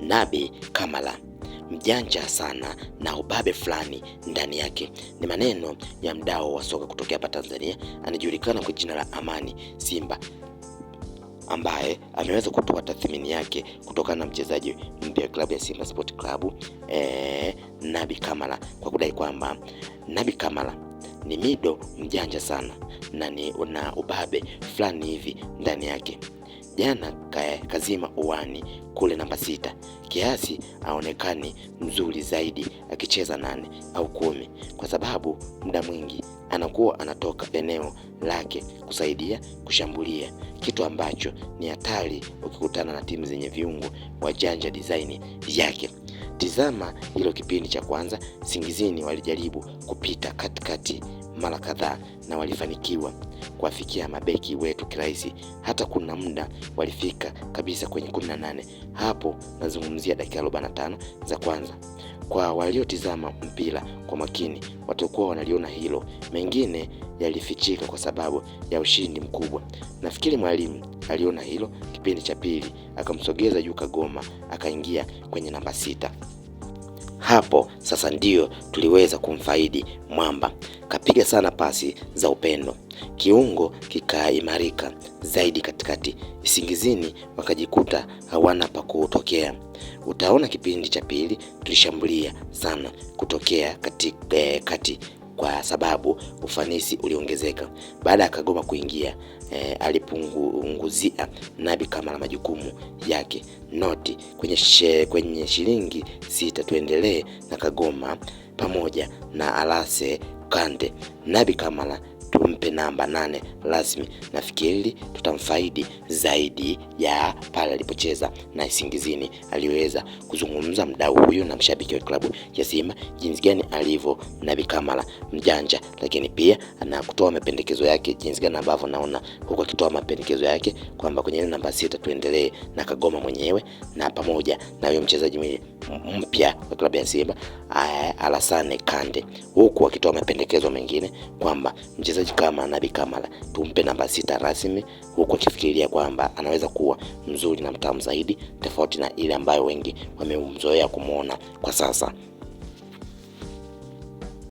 Nabi Kamala mjanja sana na ubabe fulani ndani yake, ni maneno ya mdao wa soka kutokea hapa Tanzania, anajulikana kwa jina la Amani Simba ambaye ameweza kutoa tathmini yake kutokana na mchezaji mpya wa klabu ya Simba Sport Club e, Nabi Kamala kwa kudai kwamba Nabi Kamala ni mido mjanja sana na ni una ubabe fulani hivi ndani yake jana kazima uwani kule namba sita. Kiasi aonekani mzuri zaidi akicheza nane au kumi, kwa sababu muda mwingi anakuwa anatoka eneo lake kusaidia kushambulia, kitu ambacho ni hatari ukikutana na timu zenye viungo wa janja design yake tizama hilo kipindi cha kwanza, Singizini walijaribu kupita katikati mara kadhaa na walifanikiwa kuwafikia mabeki wetu kirahisi. Hata kuna muda walifika kabisa kwenye 18. Hapo nazungumzia dakika 45 za kwanza. Kwa waliotizama mpira kwa makini, watakuwa wanaliona hilo, mengine yalifichika kwa sababu ya ushindi mkubwa. Nafikiri mwalimu aliona hilo kipindi cha pili, akamsogeza juu Kagoma akaingia kwenye namba sita hapo sasa ndiyo tuliweza kumfaidi Mwamba. Kapiga sana pasi za upendo, kiungo kikaimarika zaidi katikati, isingizini wakajikuta hawana pa kutokea. Utaona kipindi cha pili tulishambulia sana kutokea kati, eh, kati kwa sababu ufanisi uliongezeka baada ya Kagoma kuingia. E, eh, alipunguzia Nabi Kamara majukumu yake noti kwenye, she, kwenye shilingi sita. Tuendelee na Kagoma pamoja na Alase Kande Nabi Kamara tumpe namba nane rasmi. Nafikiri tutamfaidi zaidi ya pale alipocheza na Isingizini. Aliweza kuzungumza mdau huyo na mshabiki wa klabu ya Simba jinsi gani alivyo na Bikamala mjanja, lakini pia na kutoa mapendekezo yake jinsi gani ambavyo naona huko akitoa mapendekezo yake kwamba kwenye ile namba sita tuendelee na Kagoma mwenyewe na pamoja na huyo mchezaji mpya wa klabu ya Simba Alasane Kande, huku akitoa mapendekezo mengine kwamba mchezaji mchezaji kama Nabi Kamala, tumpe namba sita rasmi, huku akifikiria kwamba anaweza kuwa mzuri na mtamu zaidi, tofauti na ile ambayo wengi wamemzoea kumwona kwa sasa.